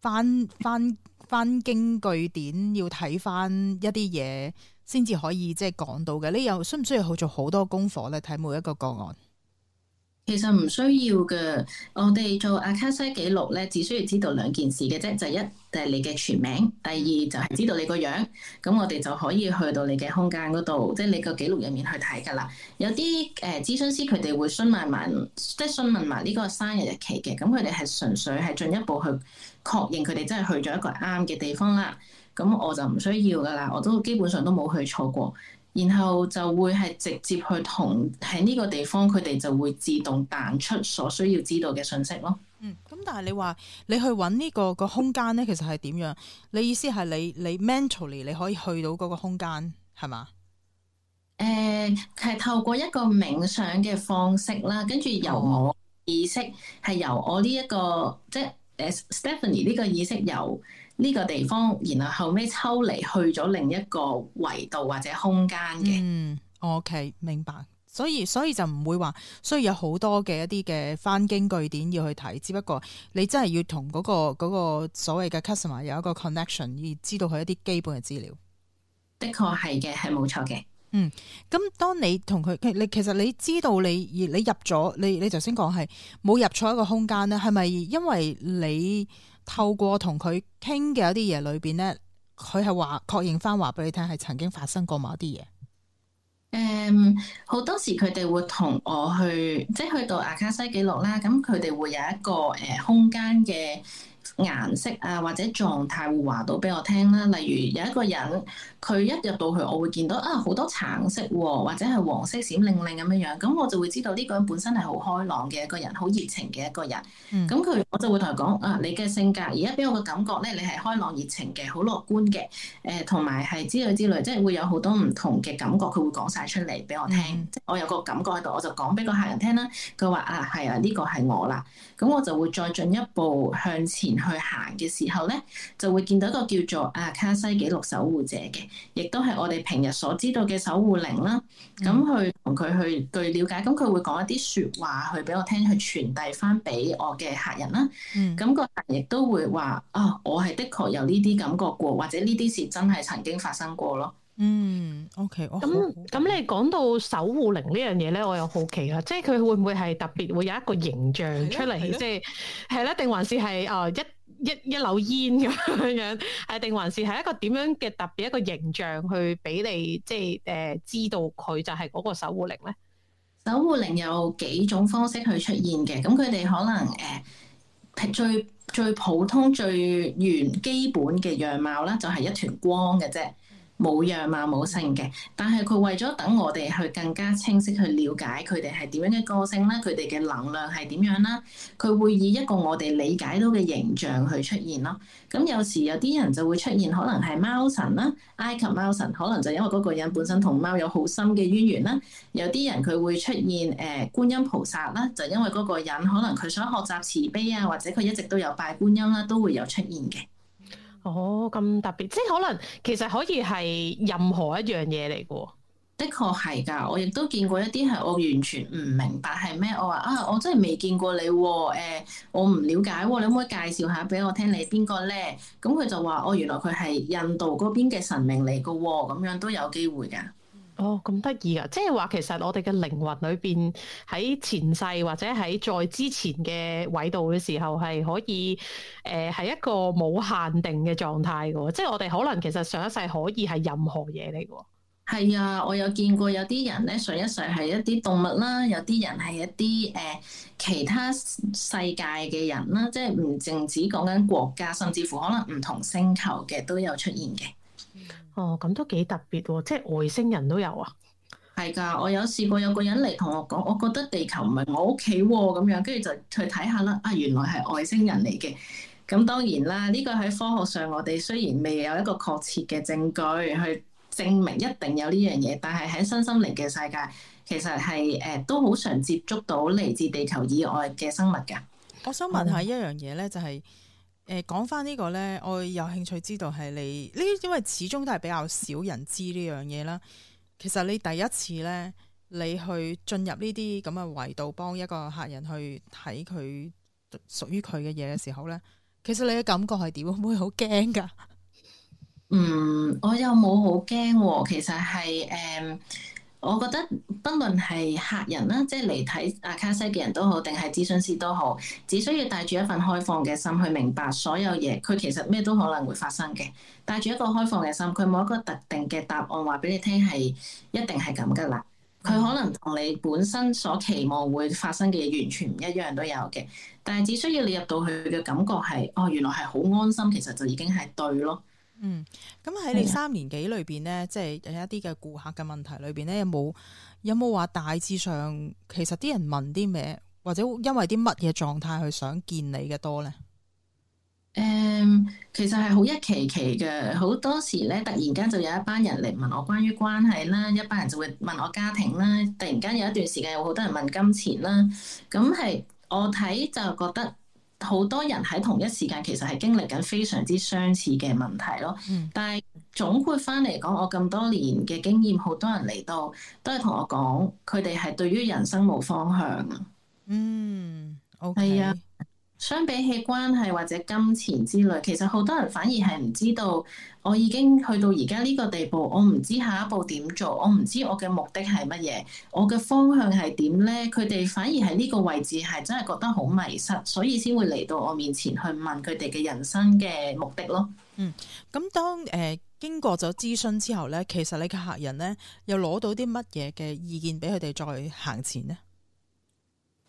翻翻翻經據典，要睇返一啲嘢先至可以即係講到嘅。你又需唔需要去做好多功課咧？睇每一個個案？其實唔需要嘅，我哋做阿卡西 o u 記錄咧，只需要知道兩件事嘅啫，就係、一係、就係、你嘅全名，第二就係、係、知道你個樣，咁我哋就可以去到你嘅空間嗰度、就係呃，即係你個記錄入面去睇噶啦。有啲誒諮詢師佢哋會詢問埋，即係詢問埋呢個生日日期嘅，咁佢哋係純粹係進一步去確認佢哋真係去咗一個啱嘅地方啦。咁我就唔需要噶啦，我都基本上都冇去錯過。然後就會係直接去同喺呢個地方，佢哋就會自動彈出所需要知道嘅信息咯。嗯，咁但係你話你去揾呢、呢個、個空間咧，其實係點樣？你意思係你你 mentally 你可以去到嗰個空間係嘛？誒係、呃、透過一個冥想嘅方式啦，跟住由我意識係由我呢、呢、一個即係、即係、Stephanie 呢個意識由呢個地方，然後後尾抽離去咗另一個維度或者空間嘅。嗯，OK，明白。所以所以就唔會話需要有好多嘅一啲嘅翻經據典要去睇，只不過你真係要同嗰個嗰個所謂嘅 customer 有一個 connection，而知道佢一啲基本嘅資料。的確係嘅，係冇錯嘅。嗯，咁當你同佢，你其實你知道你你入咗，你你頭先講係冇入錯一個空間咧，係咪因為你？透過同佢傾嘅一啲嘢裏邊咧，佢係話確認翻話俾你聽，係曾經發生過某啲嘢。誒，好多時佢哋會同我去，即係去到阿卡西記錄啦。咁佢哋會有一個誒空間嘅。顏色啊，或者狀態會話到俾我聽啦。例如有一個人，佢一入到去，我會見到啊，好多橙色喎、啊，或者係黃色閃令令咁樣樣。咁我就會知道呢個人本身係好開朗嘅一個人，好熱情嘅一個人。咁佢、嗯、我就會同佢講：啊，你嘅性格而家俾我嘅感覺咧，你係開朗熱情嘅，好樂觀嘅。誒、呃，同埋係之類之類，即係會有好多唔同嘅感覺，佢會講晒出嚟俾我聽。即係、嗯、我有個感覺喺度，我就講俾個客人聽啦。佢話：啊，係啊，呢、呢個係我啦。咁我就會再進一步向前。去行嘅時候咧，就會見到一個叫做阿卡西紀錄守護者嘅，亦都係我哋平日所知道嘅守護靈啦。咁、嗯、去同佢去據了解，咁佢會講一啲說話去俾我聽，去傳遞翻俾我嘅客人啦。咁、嗯、個客亦都會話，哦、啊，我係的確有呢啲感覺過，或者呢啲事真係曾經發生過咯。嗯，OK，咁、oh, 咁那你講到守護靈呢樣嘢咧，我又好奇啦，即係佢會唔會係特別會有一個形象出嚟，即係係咧，定、就是、還是係哦、呃、一一一縷煙咁樣，係定還是係一個點樣嘅特別一個形象去俾你，即係誒、呃、知道佢就係嗰個守護靈咧？守護靈有幾種方式去出現嘅，咁佢哋可能誒、呃、最最普通最原基本嘅樣貌咧，就係一團光嘅啫。冇樣貌、啊、冇性嘅，但係佢為咗等我哋去更加清晰去了解佢哋係點樣嘅個性啦，佢哋嘅能量係點樣啦，佢會以一個我哋理解到嘅形象去出現咯。咁有時有啲人就會出現，可能係貓神啦，埃及貓神，可能就因為嗰個人本身同貓有好深嘅淵源啦。有啲人佢會出現誒、呃、觀音菩薩啦，就因為嗰個人可能佢想學習慈悲啊，或者佢一直都有拜觀音啦，都會有出現嘅。哦，咁特別，即係可能其實可以係任何一樣嘢嚟嘅。的確係㗎，我亦都見過一啲係我完全唔明白係咩。我話啊，我真係未見過你，誒、呃，我唔了解，你可唔可以介紹下俾我聽你邊個咧？咁、嗯、佢就話，哦，原來佢係印度嗰邊嘅神明嚟嘅喎，咁樣都有機會㗎。哦，咁得意啊！即係話，其實我哋嘅靈魂裏邊喺前世或者喺在再之前嘅維度嘅時候，係可以誒係、呃、一個冇限定嘅狀態嘅。即係我哋可能其實上一世可以係任何嘢嚟嘅。係啊，我有見過有啲人咧，上一世係一啲動物啦，有啲人係一啲誒、呃、其他世界嘅人啦，即係唔淨止講緊國家，甚至乎可能唔同星球嘅都有出現嘅。哦，咁都幾特別喎！即係外星人都有啊？係噶，我有試過有個人嚟同我講，我覺得地球唔係我屋企喎，咁樣跟住就去睇下啦。啊，原來係外星人嚟嘅。咁當然啦，呢個喺科學上，我哋雖然未有一個確切嘅證據去證明一定有呢樣嘢，但係喺身心靈嘅世界，其實係誒、呃、都好常接觸到嚟自地球以外嘅生物嘅。我想問下一樣嘢咧，就係誒，講翻呢個呢，我有興趣知道係你呢，因為始終都係比較少人知呢樣嘢啦。其實你第一次呢，你去進入呢啲咁嘅維度幫一個客人去睇佢屬於佢嘅嘢嘅時候呢，其實你嘅感覺係點？會唔會好驚噶？嗯，我又冇好驚，其實係誒。Um, 我覺得不論係客人啦，即係嚟睇阿卡西嘅人都好，定係諮詢師都好，只需要帶住一份開放嘅心去明白所有嘢，佢其實咩都可能會發生嘅。帶住一個開放嘅心，佢冇一個特定嘅答案話俾你聽係一定係噉㗎喇。佢可能同你本身所期望會發生嘅嘢完全唔一樣都有嘅。但係只需要你入到去嘅感覺係，哦，原來係好安心，其實就已經係對咯。嗯，咁喺你三年幾裏邊咧，的即係有一啲嘅顧客嘅問題裏邊咧，有冇有冇話大致上其實啲人問啲咩，或者因為啲乜嘢狀態去想見你嘅多咧？誒、嗯，其實係好一期期嘅，好多時咧突然間就有一班人嚟問我關於關係啦，一班人就會問我家庭啦，突然間有一段時間有好多人問金錢啦，咁係我睇就覺得。好多人喺同一時間其實係經歷緊非常之相似嘅問題咯，嗯，但係總括翻嚟講，我咁多年嘅經驗，好多人嚟到都係同我講，佢哋係對於人生冇方向。嗯，O，係啊。Okay. 哎相比起關係或者金錢之類，其實好多人反而係唔知道，我已經去到而家呢個地步，我唔知下一步點做，我唔知我嘅目的係乜嘢，我嘅方向係點咧？佢哋反而喺呢個位置係真係覺得好迷失，所以先會嚟到我面前去問佢哋嘅人生嘅目的咯。嗯，咁當誒、呃、經過咗諮詢之後咧，其實你嘅客人咧又攞到啲乜嘢嘅意見俾佢哋再行前咧？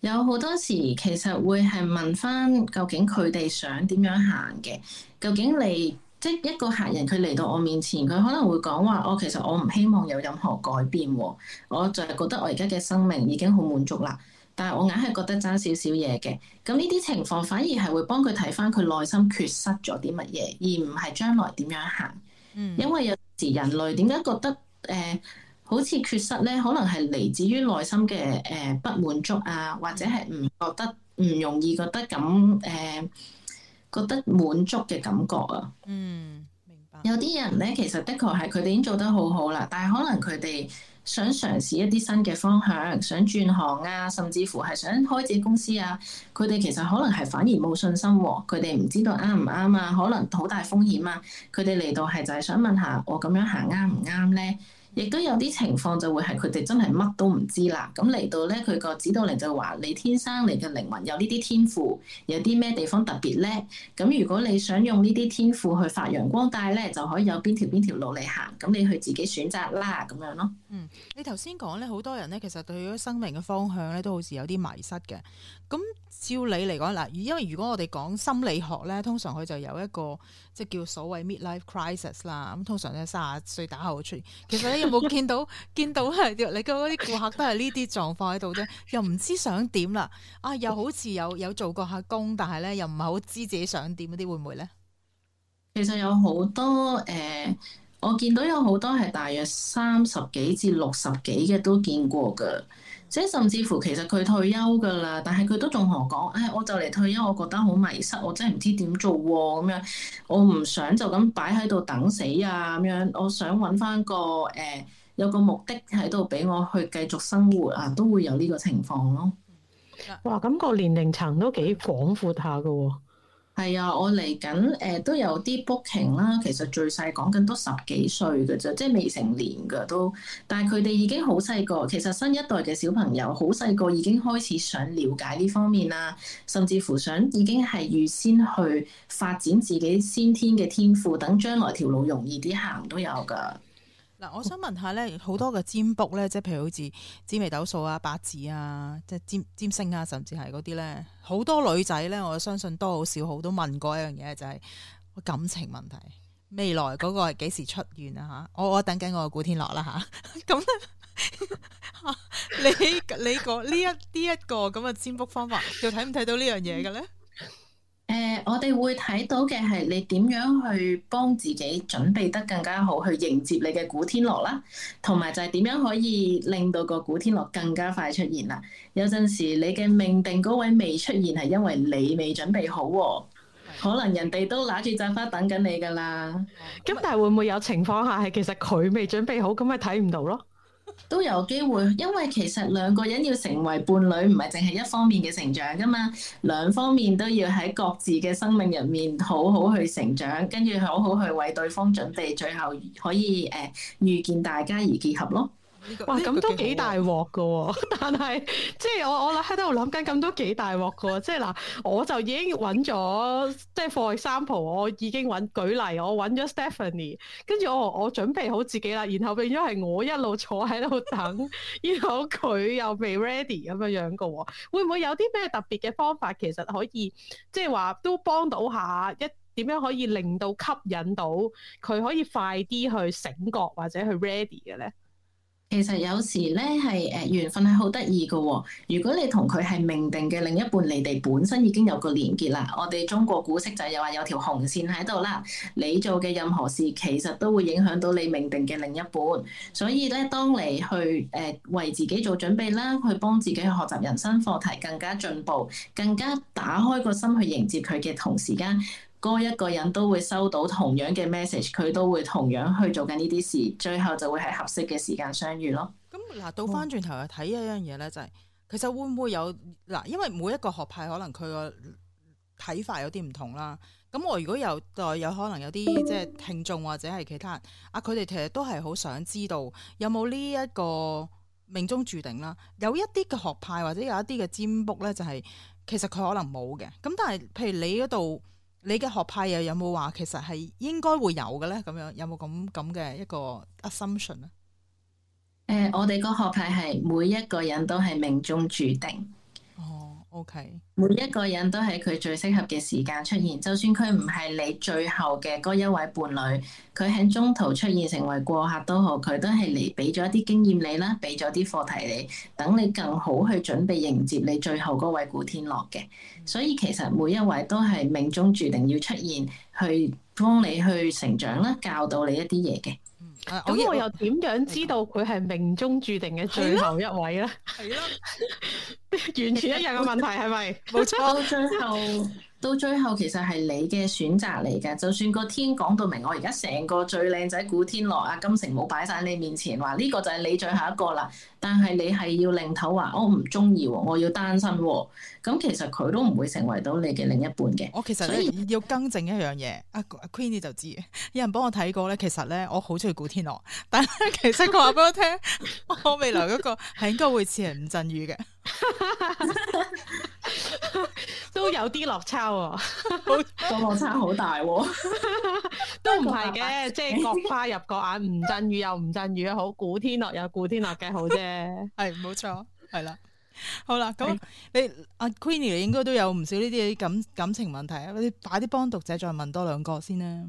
有好多時其實會係問翻究竟佢哋想點樣行嘅？究竟你即係一個客人佢嚟到我面前，佢可能會講話：我、哦、其實我唔希望有任何改變喎、哦，我就係覺得我而家嘅生命已經好滿足啦。但係我硬係覺得爭少少嘢嘅。咁呢啲情況反而係會幫佢睇翻佢內心缺失咗啲乜嘢，而唔係將來點樣行。嗯，因為有時人類點解覺得誒，呃好似缺失咧，可能係嚟自於內心嘅誒、呃、不滿足啊，或者係唔覺得唔容易覺得咁誒、呃、覺得滿足嘅感覺啊。嗯，明白。有啲人咧，其實的確係佢哋已經做得好好啦，但係可能佢哋想嘗試一啲新嘅方向，想轉行啊，甚至乎係想開自己公司啊。佢哋其實可能係反而冇信心，啊，佢哋唔知道啱唔啱啊，可能好大風險啊。佢哋嚟到係就係想問下我咁樣行啱唔啱咧？亦都有啲情況就會係佢哋真係乜都唔知啦，咁嚟到咧，佢個指導靈就話：你天生嚟嘅靈魂有呢啲天賦，有啲咩地方特別叻，咁如果你想用呢啲天賦去發揚光大咧，就可以有邊條邊條路嚟行，咁你去自己選擇啦，咁樣咯。嗯，你頭先講咧，好多人咧，其實對於生命嘅方向咧，都好似有啲迷失嘅。咁照你嚟講，嗱，因為如果我哋講心理學咧，通常佢就有一個即係叫所謂 midlife crisis 啦。咁通常咧，卅歲打後會出現。其實你有冇見到 見到係你嗰啲顧客都係呢啲狀況喺度啫，又唔知想點啦？啊，又好似有有做過下工，但係咧又唔係好知自己想點嗰啲會唔會咧？其實有好多誒、呃，我見到有好多係大約三十幾至六十幾嘅都見過㗎。即係甚至乎其實佢退休㗎啦，但係佢都仲同我講，誒、哎，我就嚟退休，我覺得好迷失，我真係唔知點做喎、啊，咁樣我唔想就咁擺喺度等死啊，咁樣我想搵返個誒、呃、有個目的喺度俾我去繼續生活啊，都會有呢個情況咯。哇，咁個年齡層都幾廣闊下㗎喎！係啊，我嚟緊誒都有啲 booking 啦。其實最細講緊都十幾歲㗎啫，即係未成年㗎都。但係佢哋已經好細個，其實新一代嘅小朋友好細個已經開始想了解呢方面啦，甚至乎想已經係預先去發展自己先天嘅天賦，等將來條路容易啲行都有㗎。嗱，我想問下咧，好多嘅占卜咧，即係譬如好似紫微斗數啊、八字啊、即係占占星啊，甚至係嗰啲咧，好多女仔咧，我相信多好少好都問過一樣嘢，就係、是、感情問題，未來嗰個係幾時出現啊？嚇，我等我等緊我古天樂啦嚇，咁咧，你你個呢一呢一個咁嘅占卜方法， 又睇唔睇到呢樣嘢嘅咧？誒、呃，我哋會睇到嘅係你點樣去幫自己準備得更加好，去迎接你嘅古天樂啦。同埋就係點樣可以令到個古天樂更加快出現啦。有陣時你嘅命定嗰位未出現係因為你未準備好，啊，可能人哋都攞住紮花等緊你噶啦。咁、嗯、但係會唔會有情況下係其實佢未準備好，咁咪睇唔到咯？都有機會，因為其實兩個人要成為伴侶，唔係淨係一方面嘅成長噶嘛，兩方面都要喺各自嘅生命入面好好去成長，跟住好好去為對方準備，最後可以誒預見大家而結合咯。這個、哇！咁都幾大鑊噶， 但係即係我我咧喺度諗緊咁都幾大鑊噶。即係嗱，我就已經揾咗即係 for example，我已經揾舉例，我揾咗 Stephanie，跟住我我準備好自己啦。然後變咗係我一路坐喺度等，然後佢又未 ready 咁樣樣噶喎。會唔會有啲咩特別嘅方法其實可以即係話都幫到一下一點樣可以令到吸引到佢可以快啲去醒覺或者去 ready 嘅咧？其實有時咧係誒緣分係好得意嘅喎，如果你同佢係命定嘅另一半，你哋本身已經有個連結啦。我哋中國古色就係又話有條紅線喺度啦。你做嘅任何事其實都會影響到你命定嘅另一半，所以咧當你去誒為自己做準備啦，去幫自己去學習人生課題，更加進步，更加打開個心去迎接佢嘅同時間，多一個人都會收到同樣嘅 message，佢都會同樣去做緊呢啲事，最後就會喺合適嘅時間相遇咯。咁嗱、嗯，倒翻轉頭去睇一樣嘢咧，就係其實會唔會有嗱？因為每一個學派可能佢個睇法有啲唔同啦。咁我如果有有可能有啲即係聽眾或者係其他人啊，佢哋其實都係好想知道有冇呢一個命中注定啦。有一啲嘅學派或者有一啲嘅占卜咧、就係，就係其實佢可能冇嘅。咁但係譬如你嗰度。你嘅學派又有冇話其實係應該會有嘅呢？咁樣有冇咁咁嘅一個 assumption 呢？呃，我哋個學派係每一個人都係命中注定。哦 O Okay . K，每一個人都係佢最適合嘅時間出現，就算佢唔係你最後嘅嗰一位伴侶，佢喺中途出現成為過客都好，佢都係嚟俾咗一啲經驗你啦，俾咗啲課題你，等你更好去準備迎接你最後嗰位古天樂嘅。Mm hmm. 所以其實每一位都係命中注定要出現，去幫你去成長啦，教導你一啲嘢嘅。咁、mm hmm. 啊、我，我，我又點樣知道佢係命中注定嘅最後一位咧？係啦。 完全一樣嘅問題係咪？冇錯。 到最後， 到最後其實係你嘅選擇嚟嘅。就算個天講到明，我而家成個最靚仔古天樂啊、金城武擺曬你面前，話呢個就係你最後一個啦。但係你係要擰頭話，我唔中意，我要單身。咁、哦、其實佢都唔會成為到你嘅另一半嘅。我其實呢所以要更正一樣嘢，阿、啊啊、Queenie 就知。有人幫我睇過咧，其實咧我好中意古天樂，但係其實佢話俾我聽， 我未來嗰個係應該會似吳鎮宇嘅， 都有啲落差、啊。個很落差好大、啊， 都唔係嘅，即係 各花入各眼。吳鎮宇又吳鎮宇嘅好，古天樂又古天樂嘅好啫。係，冇錯，係啦，好啦，咁你阿、啊、Queenie 你應該都有唔少呢啲感感情問題，你快啲幫讀者再問多兩個先啦。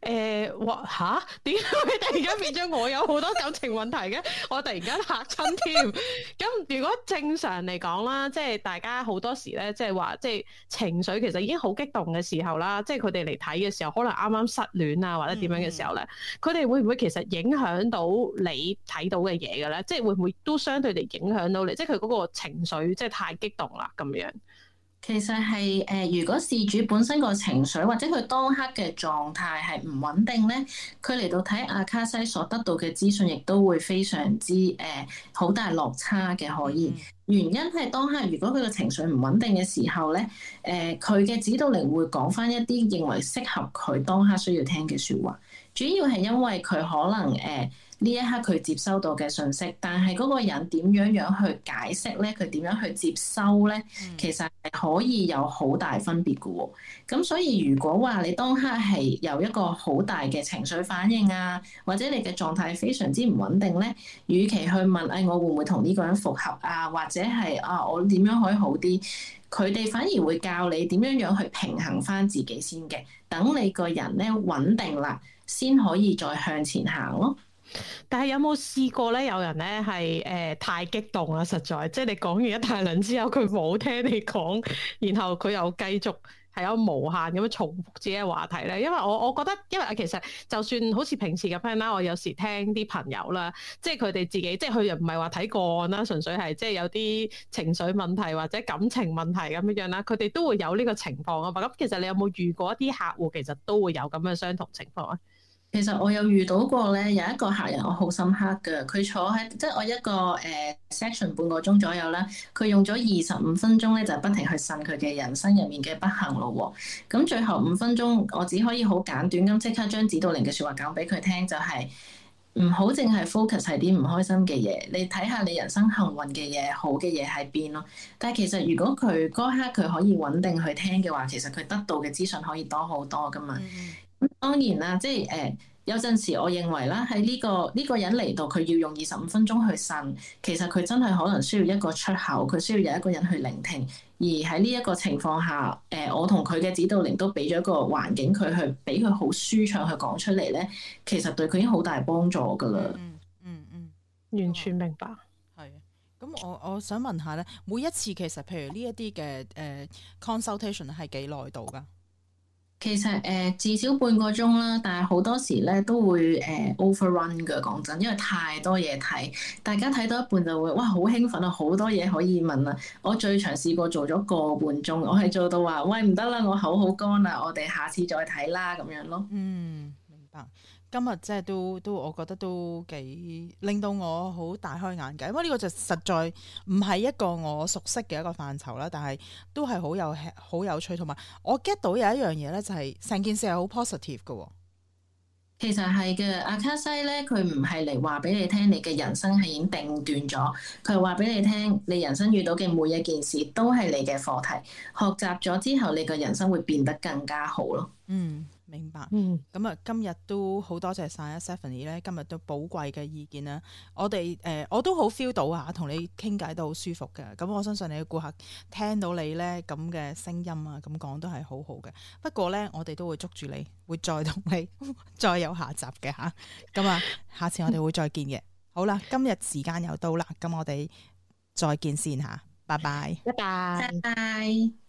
誒，哇吓點解突然間變咗我有好多感情問題嘅？ 我突然間吓親添。咁 如果正常嚟講啦，即係大家好多時咧，即係話即係情緒其實已經好激動嘅時候啦，即係佢哋嚟睇嘅時候，可能啱啱失戀啊或者點樣嘅時候咧，佢哋、嗯、會唔會其實影響到你睇到嘅嘢嘅咧？即係會唔會都相對嚟影響到你？即係佢嗰個情緒即係太激動啦，咁樣。其實係誒、呃，如果事主本身個情緒或者佢當刻嘅狀態係唔穩定咧，佢嚟到睇阿卡西所得到嘅資訊，亦都會非常之誒好、呃、大落差嘅可以。原因係當刻，如果佢嘅情緒唔穩定嘅時候咧，誒佢嘅指導靈會講返一啲認為適合佢當刻需要聽嘅説話，主要係因為佢可能誒。呃呢一刻佢接收到嘅信息，但係嗰個人點樣樣去解釋咧？佢點樣去接收咧？其實係可以有好大分別嘅喎。咁所以如果話你當刻係有一個好大嘅情緒反應啊，或者你嘅狀態非常之唔穩定咧，與其去問誒、哎、我會唔會同呢個人復合啊，或者係啊我點樣可以好啲？佢哋反而會教你點樣樣去平衡翻自己先嘅。等你個人咧穩定啦，先可以再向前行咯。但係有冇試過咧？有人咧係誒太激動啊！實在，即係你講完一大輪之後，佢冇聽你講，然後佢又繼續係有無限咁樣重複自己嘅話題咧。因為我我覺得，因為其實就算好似平時咁啦，我有時聽啲朋友啦，即係佢哋自己，即係佢又唔係話睇個案啦，純粹係即係有啲情緒問題或者感情問題咁樣樣啦，佢哋都會有呢個情況啊。咁其實你有冇遇過一啲客戶，其實都會有咁嘅相同情況啊？其實我有遇到過咧，有一個客人我好深刻嘅，佢坐喺即係我一個誒、呃、section 半個鐘左右啦，佢用咗二十五分鐘咧就不停去呻佢嘅人生入面嘅不幸咯、哦。咁、嗯、最後五分鐘，我只可以好簡短咁即刻將指導靈嘅説話講俾佢聽，就係唔好淨係 focus 喺啲唔開心嘅嘢，你睇下你人生幸運嘅嘢、好嘅嘢喺邊咯。但係其實如果佢嗰刻佢可以穩定去聽嘅話，其實佢得到嘅資訊可以多好多噶嘛。嗯。當然啦，即係誒、呃，有陣時我認為啦，喺呢個呢個人嚟到，佢要用二十五分鐘去呻，其實佢真係可能需要一個出口，佢需要有一個人去聆聽。而喺呢一個情況下，誒，我同佢嘅指導靈都俾咗一個環境佢去，俾佢好舒暢去講出嚟咧，其實對佢已經好大幫助噶啦、嗯。嗯嗯嗯，完全明白。係、哦，咁我我想問下咧，每一次其實譬如呢一啲嘅誒 consultation 係幾耐度噶？其實誒、呃、至少半個鐘啦，但係好多時咧都會誒 overrun 㗎。講、呃、真，因為太多嘢睇，大家睇到一半就會哇好興奮啊，好多嘢可以問啊！我最長試過做咗個半鐘，我係做到話喂唔得啦，我口好乾啦，我哋下次再睇啦咁樣咯。嗯，明白。今日即係都都，都我覺得都幾令到我好大開眼界。因為呢個就實在唔係一個我熟悉嘅一個範疇啦，但係都係好有好有趣，同埋我 get 到有一樣嘢咧，就係成件事係好 positive 嘅。其實係嘅，阿卡西咧，佢唔係嚟話俾你聽，你嘅人生係已經定斷咗。佢係話俾你聽，你人生遇到嘅每一件事都係你嘅課題，學習咗之後，你嘅人生會變得更加好咯。嗯。明白，咁啊、嗯嗯，今日都好多謝晒啊 Stephanie 咧，今日都寶貴嘅意見啦。我哋誒、呃，我都好 feel 到啊，同你傾偈都好舒服嘅。咁我相信你嘅顧客聽到你咧咁嘅聲音啊，咁講都係好好嘅。不過咧，我哋都會捉住你，會再同你 再有下集嘅吓。咁啊、嗯，下次我哋會再見嘅。 好啦，今日時間又到啦，咁我哋再見先吓，拜拜，拜拜，拜拜。